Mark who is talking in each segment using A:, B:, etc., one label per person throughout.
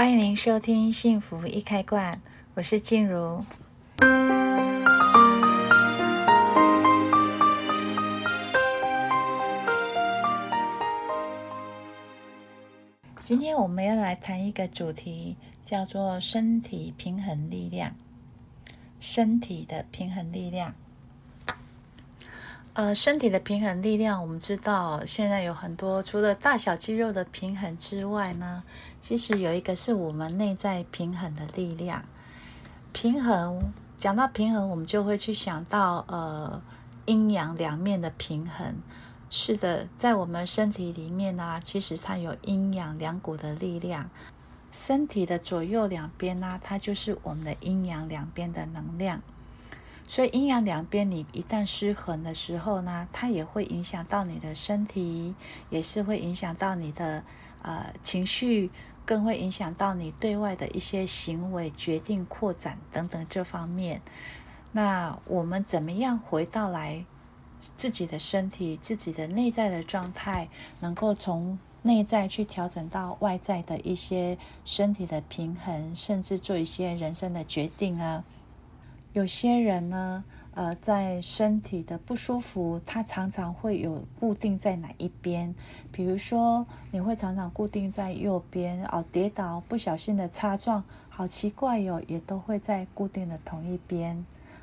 A: 歡迎您收聽《幸福易開罐》，我是靜茹。今天我們要來談一個主題，叫做“身體平衡力量”。身體的平衡力量。呃，身體的平衡力量，我們知道現在有很多，除了大小肌肉的平衡之外呢，其實有一個是我們內在平衡的力量。平衡，講到平衡，我們就會去想到呃，陰陽兩面的平衡。是的，在我們身體裡面呢，其實它有陰陽兩股的力量。身體的左右兩邊呢，它就是我們的陰陽兩邊的能量。所以陰陽兩邊，你一旦失衡的時候呢，它也會影響到你的身體，也是會影響到你的呃情緒，更會影響到你對外的一些行為決定、擴展等等這方面。那我們怎麼樣回到來自己的身體、自己的內在的狀態，能夠從內在去調整到外在的一些身體的平衡，甚至做一些人生的決定啊？有些人呢，呃，在身體的不舒服，他常常會有固定在哪一邊。比如說，你會常常固定在右邊哦，跌倒、不小心的擦撞，好奇怪喲、哦，也都會在固定的同一邊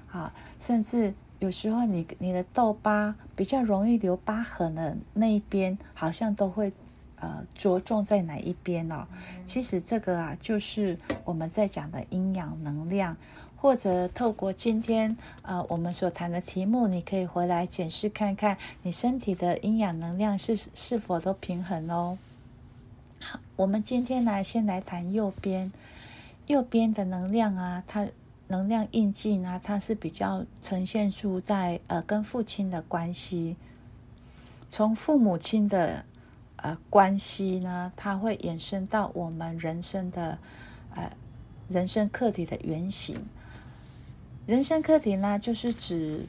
A: 啊。甚至有時候你，你你的痘疤比較容易留疤痕的那一邊，好像都會呃着重在哪一邊哦。其實這個啊，就是我們在講的陰陽能量。或者透過今天啊、呃，我們所談的題目，你可以回來檢視看看你身體的陰陽能量是是否都平衡哦。好，我們今天來，先來談右邊，右邊的能量啊，它能量印記呢，它是比較呈現出在呃跟父親的關係，從父母親的呃關係呢，它會延伸到我們人生的呃人生課題的原型。人生課題呢，就是指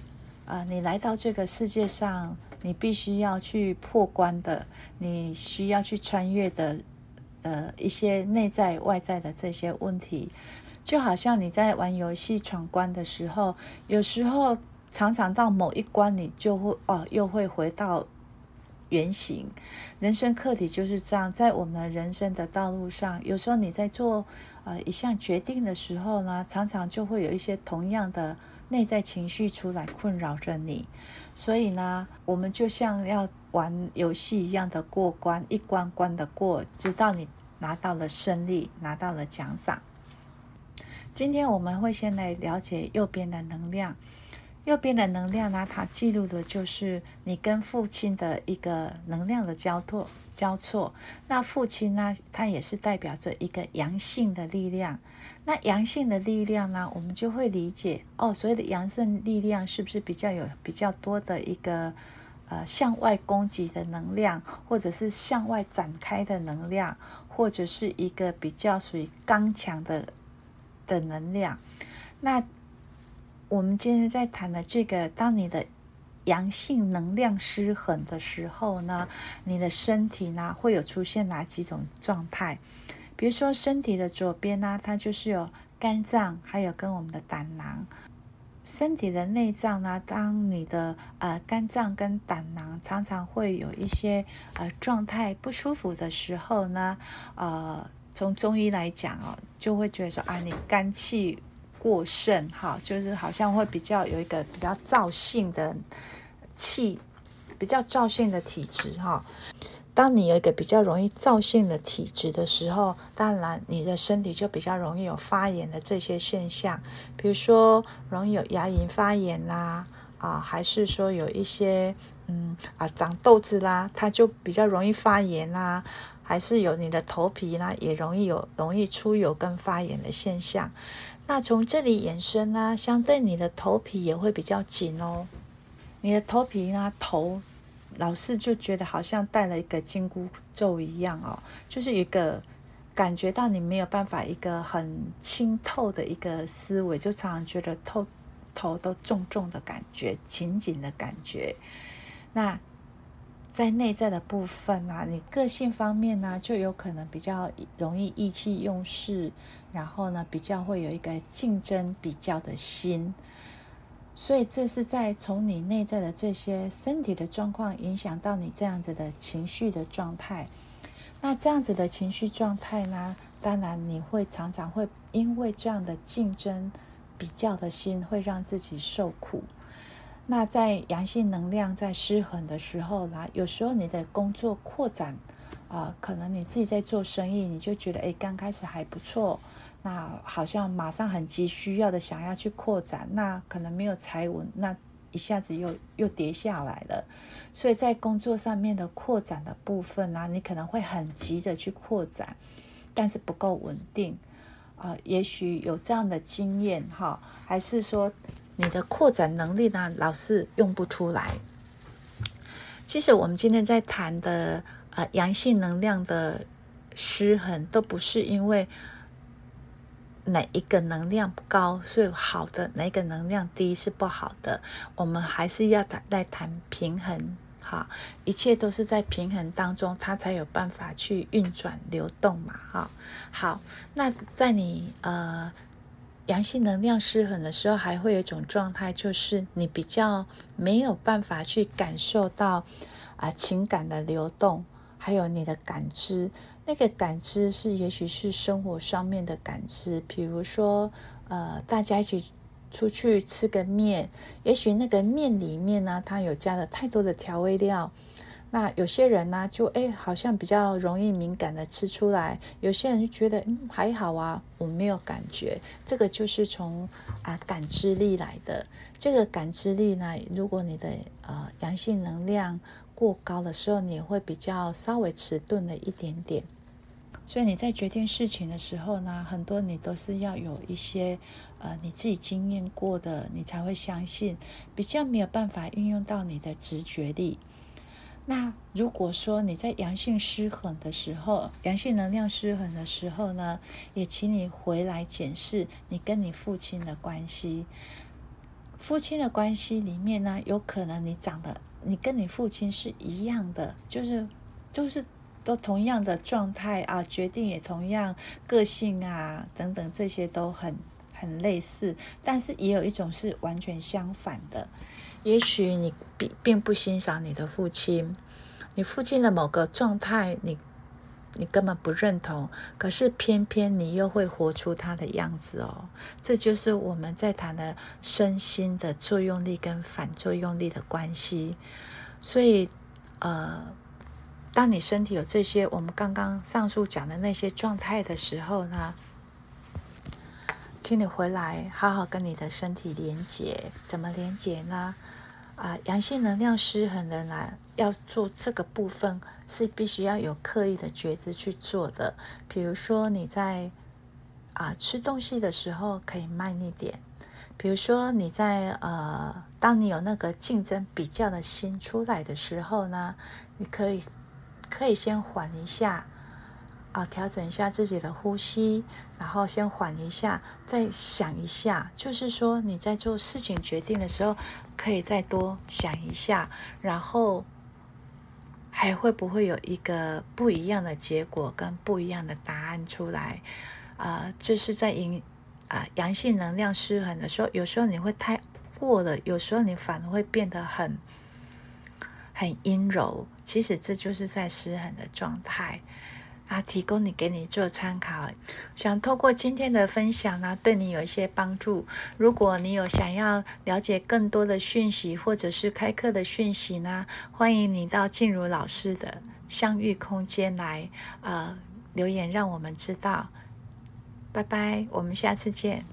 A: 啊、呃，你來到這個世界上，你必須要去破關的，你需要去穿越的，呃，一些內在外在的這些問題，就好像你在玩遊戲闖關的時候，有時候常常到某一關，你就會哦，又會回到。原型人生課題就是這樣，在我們人生的道路上，有時候你在做呃一項決定的時候呢，常常就會有一些同樣的內在情緒出來困擾着你。所以呢，我們就像要玩遊戲一樣的過關，一關關的過，直到你拿到了勝利，拿到了獎賞。今天我們會先來了解右邊的能量。右邊的能量呢，它記錄的就是你跟父親的一個能量的交錯交錯。那父親呢，他也是代表着一個陽性的力量。那陽性的力量呢，我們就會理解哦，所謂的陽性力量是不是比較有比較多的一個呃向外攻擊的能量，或者是向外展開的能量，或者是一個比較屬於剛強的的能量？那我們今天在談的這個，當你的陽性能量失衡的時候呢，你的身體呢會有出現哪幾種狀態？比如說身體的左邊呢，它就是有肝臟，還有跟我們的膽囊。身體的內臟呢，當你的呃肝臟跟膽囊常常會有一些呃狀態不舒服的時候呢，呃，從中醫來講哦，就會覺得說啊，你肝氣。過剩哈，就是好像會比較有一個比較燥性的氣，比較燥性的體質哈、哦。當你有一個比較容易燥性的體質的時候，當然你的身體就比較容易有發炎的這些現象，比如說容易有牙齦發炎啦、啊，啊，還是說有一些嗯啊長痘子啦，它就比較容易發炎啦、啊，還是有你的頭皮啦也容易有容易出油跟發炎的現象。那從這裡延伸呢，相對你的頭皮也會比較緊哦。你的頭皮呢、啊，頭老是就覺得好像戴了一個緊箍咒一樣哦，就是一個感覺到你沒有辦法一個很清透的一個思維，就常常覺得頭頭都重重的感覺，緊緊的感覺。那。在內在的部分啊，你個性方面呢，就有可能比較容易意氣用事，然後呢，比較會有一個競爭比較的心，所以這是在從你內在的這些身體的狀況影響到你這樣子的情緒的狀態。那這樣子的情緒狀態呢，當然你會常常會因為這樣的競爭比較的心，會讓自己受苦。那在陽性能量在失衡的時候呢，有時候你的工作擴展，啊、呃，可能你自己在做生意，你就覺得誒，剛開始還不錯，那好像馬上很急需要的想要去擴展，那可能沒有踩穩，那一下子又又跌下來了。所以在工作上面的擴展的部分呢、啊，你可能會很急着去擴展，但是不夠穩定，啊、呃，也許有這樣的經驗哈，還是說。你的擴展能力呢，老是用不出來。其實我們今天在談的，呃，陽性能量的失衡，都不是因為哪一個能量高是好的，哪一個能量低是不好的。我們還是要談在談平衡，哈，一切都是在平衡當中，它才有辦法去運轉流動嘛，哈。好，那在你呃。陽性能量失衡的時候，還會有一種狀態，就是你比較沒有辦法去感受到啊、呃、情感的流動，還有你的感知。那個感知是，也許是生活上面的感知，比如說，呃，大家一起出去吃個麵，也許那個麵裡面呢，它有加了太多的調味料。那有些人呢，就哎、欸，好像比較容易敏感的吃出來；有些人就覺得嗯還好啊，我沒有感覺。這個就是從啊感知力來的。這個感知力呢，如果你的呃陽性能量過高的時候，你也會比較稍微遲鈍了一點點。所以你在決定事情的時候呢，很多你都是要有一些呃你自己經驗過的，你才會相信，比較沒有辦法運用到你的直覺力。那如果說你在陽性失衡的時候，陽性能量失衡的時候呢，也請你回來檢視你跟你父親的關係。父親的關係裡面呢，有可能你長得你跟你父親是一樣的，就是都，就是都同樣的狀態啊，決定也同樣，個性啊等等這些都很很類似，但是也有一種是完全相反的。也許你並並不欣賞你的父親，你父親的某個狀態你，你你根本不認同，可是偏偏你又會活出他的樣子哦。這就是我們在談的身心的作用力跟反作用力的關係。所以，呃，當你身體有這些我們剛剛上述講的那些狀態的時候呢，請你回來好好跟你的身體連接，怎麼連接呢？啊、呃，陽性能量失衡的人啊，要做這個部分是必須要有刻意的覺知去做的。比如說你在啊、呃、吃東西的時候，可以慢一點，比如說你在呃，當你有那個競爭比較的心出來的時候呢，你可以可以先緩一下。啊、哦，調整一下自己的呼吸，然後先緩一下，再想一下。就是說，你在做事情決定的時候，可以再多想一下，然後還會不會有一個不一樣的結果跟不一樣的答案出來？啊、呃，這是在陰啊陽性能量失衡的時候，有時候你會太過了，有時候你反而會變得很很陰柔。其實這就是在失衡的狀態。啊，提供你，給你做參考，想通過今天的分享呢，對你有一些幫助。如果你有想要了解更多的訊息，或者是開課的訊息呢，歡迎你到靜茹老師的相遇空間來，呃，留言讓我們知道。拜拜，我們下次見。